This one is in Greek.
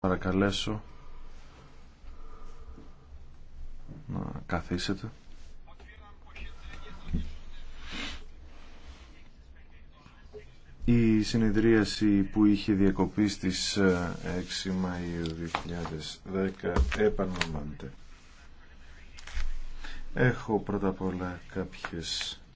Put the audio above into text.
παρακαλέσω να καθίσετε. Η συνεδρίαση που είχε διακοπεί στις 6 ε, Μαΐου 2010 επαναλαμβάνεται. Έχω πρώτα απ' όλα κάποιες